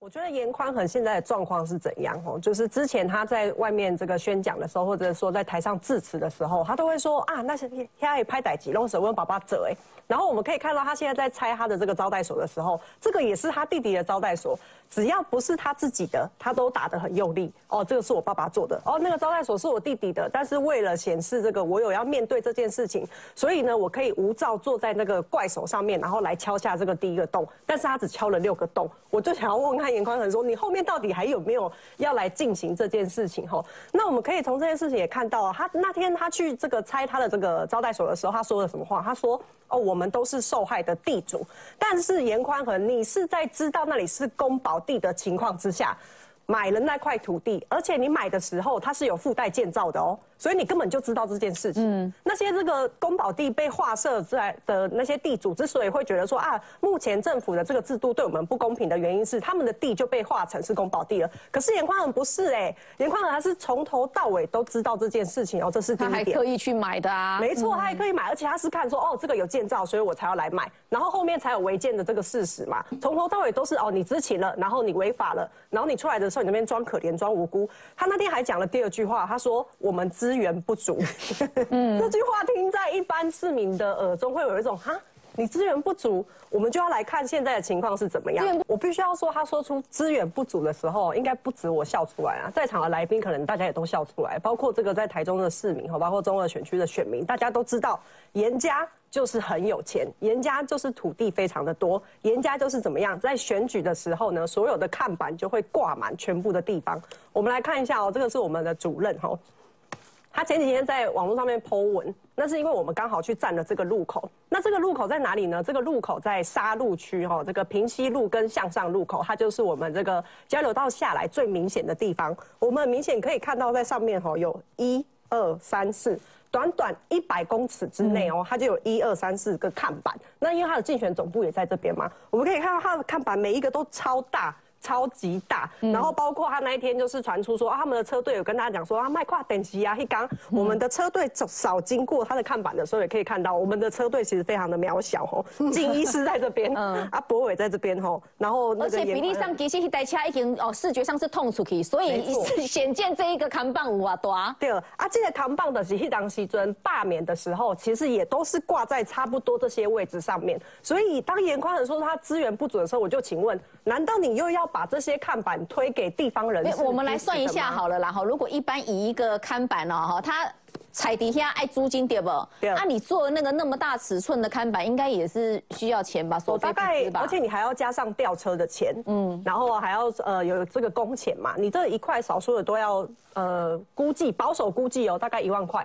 我覺得顏寬恆現在的狀況是怎樣哦？就是之前他在外面這個宣講的時候，或者說在台上致辭的時候，他都會說啊，那些歹誌攏是阮爸爸做的欸。然後我們可以看到他現在在拆他的這個招待所的時候，這個也是他弟弟的招待所，只要不是他自己的，他都打得很用力哦。這個是我爸爸做的哦，那個招待所是我弟弟的，但是為了顯示這個我有要面對這件事情，所以呢，我可以無照坐在那個怪手上面，然後來敲下這個第一個洞。但是他只敲了六個洞，我就想要問他。顏寬恆說：“你後面到底還有沒有要來進行這件事情哦？哈，那我們可以從這件事情也看到啊，他那天他去這個拆他的這個招待所的時候，他說了什麼話？他說：‘哦，我們都是受害的地主。’但是顏寬恆，你是在知道那裡是公保地的情況之下，買了那塊土地，而且你買的時候它是有附帶建造的哦。”所以你根本就知道這件事情。嗯、那些這個公保地被劃設在的那些地主之所以會覺得說啊，目前政府的這個制度對我們不公平的原因是，他們的地就被劃成是公保地了。可是顏寬恆不是哎、欸，顏寬恆他是從頭到尾都知道這件事情哦，這是第一點。他還特意去買的啊，沒錯，他還可以買，而且他是看說哦，這個有建造，所以我才要來買，然後後面才有違建的這個事實嘛。從頭到尾都是哦，你知情了，然後你違法了，然後你出來的時候你那邊裝可憐裝無辜。他那天還講了第二句話，他說我們知。資源不足，嗯、 這句話聽在一般市民的耳中，會有一種哈，你資源不足，我們就要來看現在的情況是怎麼樣。我必須要說，他說出資源不足的時候，應該不止我笑出來啊，在場的來賓可能大家也都笑出來，包括這個在台中的市民哈，包括中二選區的選民，大家都知道顏家就是很有錢，顏家就是土地非常的多，顏家就是怎麼樣，在選舉的時候呢，所有的看板就會掛滿全部的地方。我們來看一下哦、喔，這個是我們的主任哈。他前幾天在網絡上面 po 文，那是因為我們剛好去站了這個路口。那這個路口在哪裡呢？這個路口在沙鹿區哈、哦，這個平西路跟向上路口，它就是我們這個交流道下來最明顯的地方。我們明顯可以看到，在上面哈、哦，有一二三四，短短一百公尺之內哦，它就有一二三四個看板。嗯、那因為它的競選總部也在這邊嘛，我們可以看到它的看板，每一個都超大。超級大，然後包括他那一天就是傳出說、嗯、啊，他們的車隊有跟大家講說啊，邁跨等級啊，一剛我們的車隊少，少經過他的看板的時候，也可以看到我們的車隊其實非常的渺小哦，靜、嗯、醫師在這邊，嗯、啊柏惟在這邊哦，然後而且比例上其實一台車已經哦視覺上是痛出去，所以錯顯見這一個扛棒，哇大，對啊，啊這個扛棒的是一檔時尊罷免的時候，其實也都是掛在差不多這些位置上面，所以當顏寬恆說他資源不足的時候，我就請問，難道你又要？把這些看板推給地方人，我們來算一下好了啦，然後如果一般以一個看板了、喔、哈，它彩迪現在愛租金對不對？那對、啊、你做那個那麼大尺寸的看板，應該也是需要錢吧？我大概，而且你還要加上吊車的錢，嗯，然後還要呃有這個工錢嘛，你這一塊少說的都要呃估計保守估計哦、喔，大概一萬塊。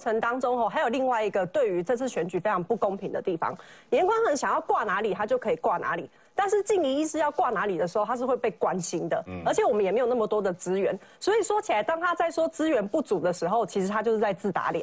過程當中吼，還有另外一個對於這次選舉非常不公平的地方，顏寬恆想要掛哪裡，他就可以掛哪裡。但是靜儀醫師要掛哪裡的時候，他是會被關心的，嗯、而且我們也沒有那麼多的資源。所以說起來，當他在說資源不足的時候，其實他就是在自打臉。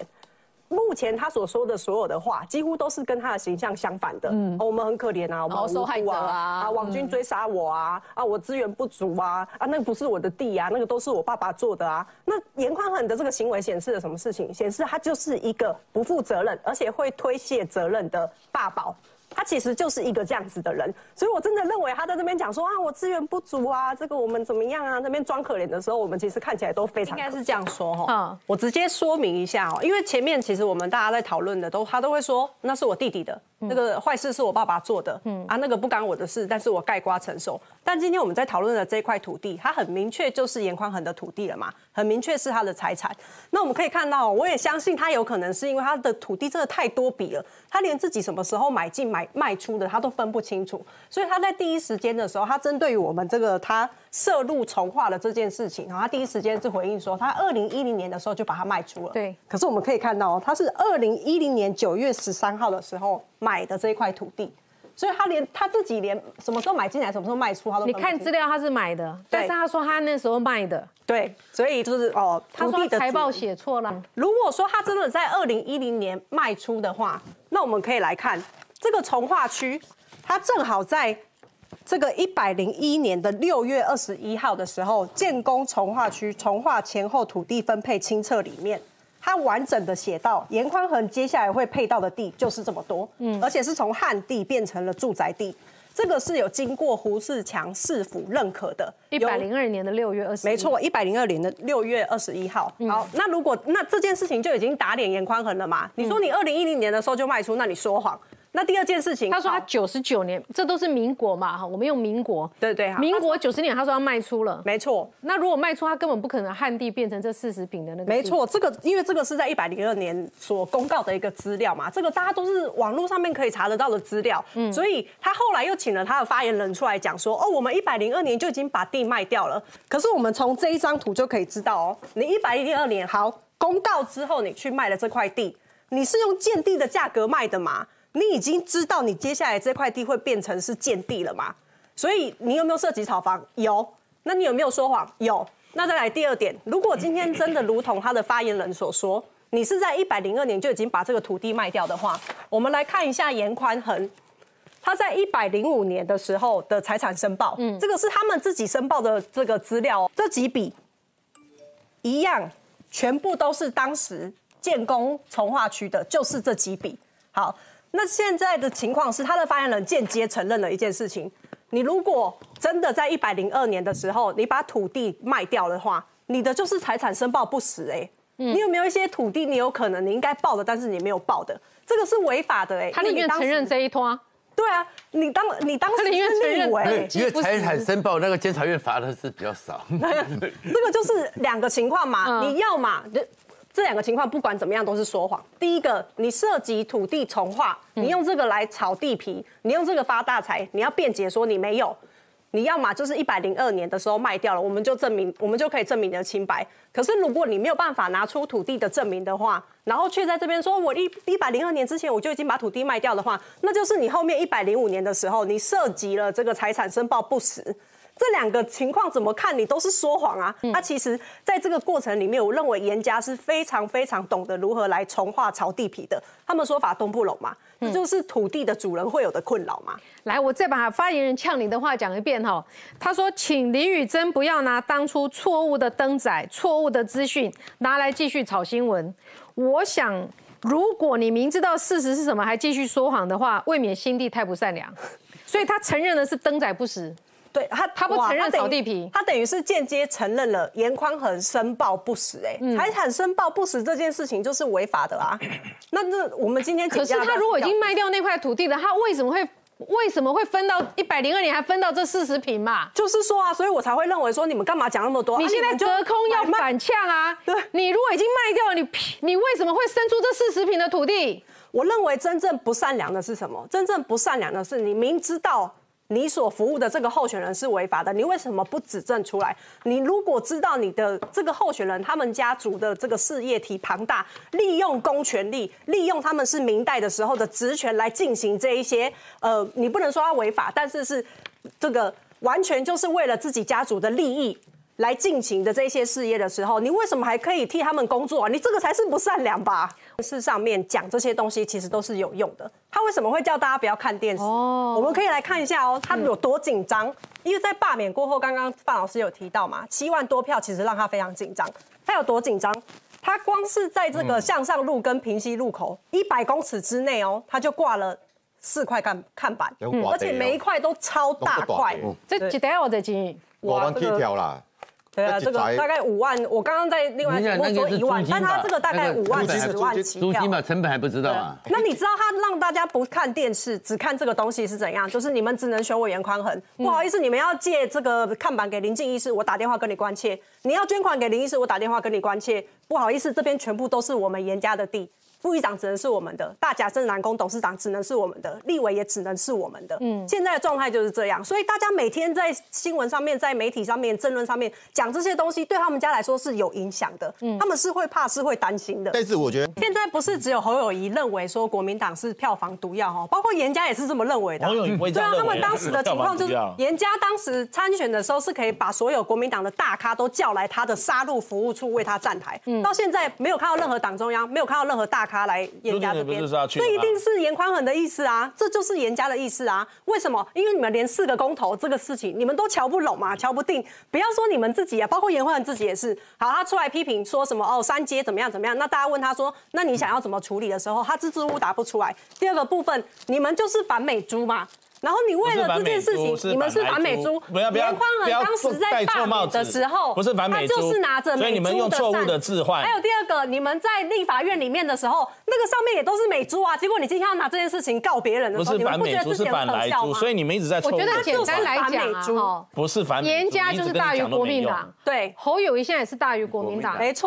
目前他所說的所有的話，幾乎都是跟他的形象相反的。嗯、哦，我們很可憐啊，我們、啊、受害者啊，啊，網軍追殺我啊，嗯、啊，我資源不足啊，啊，那個不是我的地啊，那個都是我爸爸做的啊。那顏寬恆的這個行為顯示了什麼事情？顯示他就是一個不負責任，而且會推卸責任的爸寶。他其實就是一個這樣子的人，所以我真的認為他在那邊講說啊，我資源不足啊，這個我們怎麼樣啊？那邊裝可憐的時候，我們其實看起來都非常應該是這樣說哈。我直接說明一下哦，因為前面其實我們大家在討論的都他都會說那是我弟弟的。嗯、那個壞事是我爸爸做的，嗯啊，那個不干我的事，但是我概括承受。但今天我們在討論的這塊土地，它很明確就是顏寬恆的土地了嘛，很明確是他的財產。那我們可以看到，我也相信他有可能是因為他的土地真的太多筆了，他連自己什麼時候買進買賣出的他都分不清楚。所以他在第一時間的時候，他針對於我們這個他涉入重劃的這件事情，然後他第一時間是回應說，他二零一零年的時候就把它賣出了。對。可是我們可以看到，他是二零一零年九月十三號的時候。買的這一塊土地，所以他連他自己連什麼時候買進來、什麼時候賣出，他都，你看資料，他是買的，對但是他說他那時候賣的，對，所以就是哦，他說他財報寫錯了。如果說他真的在二零一零年賣出的話，那我們可以來看這個重劃區，他正好在這個一百零一年的六月二十一號的時候，建工重劃區重劃前後土地分配清冊裡面。他完整的寫到，顏寬恆接下來會配到的地就是這麼多，嗯，而且是從旱地變成了住宅地，這個是有經過胡志強市府認可的，一百零二年的六月二十，沒錯，一百零二年的六月二十一號。好，嗯、那如果那這件事情就已經打臉顏寬恆了嗎？你說你二零一零年的時候就賣出，那你說謊。嗯那第二件事情，他說他九十九年，好這都是民國嘛，哈，我們用民國，對對，民國九十年，他說要賣出了，沒錯。那如果賣出，他根本不可能旱地變成這四十坪的那個。沒錯，這個因為這個是在一百零二年所公告的一個資料嘛，這個大家都是網絡上面可以查得到的資料，嗯，所以他後來又請了他的發言人出來講說，哦，我們一百零二年就已經把地賣掉了，可是我們從這一張圖就可以知道哦，你一百零二年好公告之後，你去賣了這塊地，你是用建地的價格賣的嘛？你已經知道你接下來這塊地會變成是建地了嗎？所以你有沒有涉及炒房？有。那你有沒有說謊？有。那再來第二點，如果今天真的如同他的發言人所說，你是在一百零二年就已經把這個土地賣掉的話，我們來看一下顏寬恆他在一百零五年的時候的財產申報。嗯，這個是他們自己申報的這個資料哦，這幾筆一樣，全部都是當時建工重劃區的，就是這幾筆。好。那現在的情況是，他的發言人間接承認了一件事情：你如果真的在一百零二年的時候，你把土地賣掉的話，你的就是財產申報不實哎、欸。你有沒有一些土地，你有可能你應該報的，但是你沒有報的？這個是違法的哎。他寧願承認這一通。對啊，你當你當時寧願認為，因為財產申報那個監察院罰的是比較少。這個就是兩個情況嘛，你要嘛？這兩個情況不管怎麼樣都是說謊。第一個，你涉及土地重劃，你用這個來炒地皮，你用這個發大財，你要辯解說你沒有，你要嘛就是一百零二年的時候賣掉了，我們就證明我們就可以證明你的清白。可是如果你沒有辦法拿出土地的證明的話，然後卻在這邊說我一一百零二年之前我就已經把土地賣掉的話，那就是你後面一百零五年的時候你涉及了這個財產申報不實。這兩個情況怎麼看你都是說謊啊！他、嗯啊、其實在這個過程裡面，我認為嚴家是非常非常懂得如何來重劃炒地皮的。他們說法東不攏嘛，嗯、這就是土地的主人會有的困擾嘛。來，我再把發言人嗆你的話講一遍哈、哦。他說，請李雨蓁不要拿當初錯誤的登載，錯誤的資訊拿來繼續炒新聞。我想，如果你明知道事實是什麼，還繼續說謊的話，未免心地太不善良。所以他承認的是登載不實。 對他，他不承認掃哇地皮，他等於是間接承認了顏寬恆申報不實、欸，哎、嗯，財產申報不實這件事情就是違法的啦、啊。那那我們今天是可是他如果已經賣掉那塊土地了，他為什麼會為什麼會分到一百零二年還分到這四十坪嘛？就是說啊，所以我才會認為說你們幹嘛講那麼多？你現在隔空要反嗆啊？對，你如果已經賣掉了，你你為什麼會生出這四十坪的土地？我認為真正不善良的是什麼？真正不善良的是你明知道。你所服務的這個候選人是違法的，你為什麼不指證出來？你如果知道你的這個候選人他們家族的這個事業體龐大，利用公權力，利用他們是民代的時候的職權來進行這一些，呃，你不能說他違法，但是是這個完全就是為了自己家族的利益。來進行的這些事業的時候，你為什麼還可以替他們工作、啊？你這個才是不善良吧？電視上面講這些東西其實都是有用的。他為什麼會叫大家不要看電視？哦、我們可以來看一下哦，他有多緊張？嗯、因為在罷免過後，剛剛范老師有提到嘛，七萬多票其實讓他非常緊張。他有多緊張？他光是在這個向上路跟平息路口一百、嗯、公尺之內哦，他就掛了四塊看看板，嗯、而且每一塊都超大塊、嗯。這一袋我經幾？我可以挑啦。對啊，這個大概五萬。我剛剛在另外直播說一萬，但他這個大概五萬十萬起跳。租金吧，成本還不知道啊，啊。那你知道他讓大家不看電視，只看這個東西是怎樣？就是你們只能選我顏寬恆。嗯、不好意思，你們要借這個看板給林靜醫師，我打電話跟你關切。你要捐款給林醫師，我打電話跟你關切。不好意思，這邊全部都是我們顏家的地。副議長只能是我們的，大甲鎮瀾宮董事長只能是我們的，立委也只能是我們的。嗯，現在的狀態就是這樣，所以大家每天在新聞上面、在媒體上面、政論上面講這些東西，對他們家來說是有影響的。嗯，他們是會怕，是會擔心的。但是我覺得現在不是只有侯友宜認為說國民黨是票房毒藥哈，包括顏家也是這麼認為的。侯友宜不會這樣。對啊，他們當時的情況就是顏家當時參選的時候是可以把所有國民黨的大咖都叫來他的沙鹿服務處為他站台，嗯、到現在沒有看到任何黨中央，沒有看到任何大咖。他來顏家這邊，那一定是顏寬恆的意思啊，這就是顏家的意思啊。為什麼？因為你們連四個公投這個事情，你們都瞧不攏嘛，瞧不定。不要說你們自己啊，包括顏寬恆自己也是。好，他出來批評說什麼哦，三接怎麼樣怎麼樣？那大家問他說，那你想要怎麼處理的時候，他支支吾吾答不出來。第二個部分，你們就是反美豬嘛。然後你為了這件事情，你們是反美豬，顏寬恆當時在戴錯帽子的時候，不是反美豬，他就是拿着美豬的傘。所以你們用錯誤的置換。還有第二個，你們在立法院裡面的時候，那個上面也都是美豬啊。結果你今天要拿這件事情告別人的時候，你們不覺得自己很可笑嗎？所以你們一直在錯。我覺得簡單來講、啊，不是反美豬，顏家就是大於國民黨、啊。對，侯友宜現在也是大於國民黨、啊，沒錯。